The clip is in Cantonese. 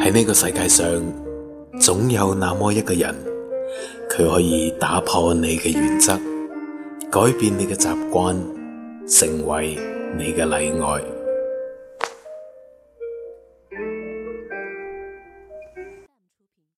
喺呢個世界上，總有那麼一個人，佢可以打破你嘅原則，改變你嘅習慣，成為你嘅例外。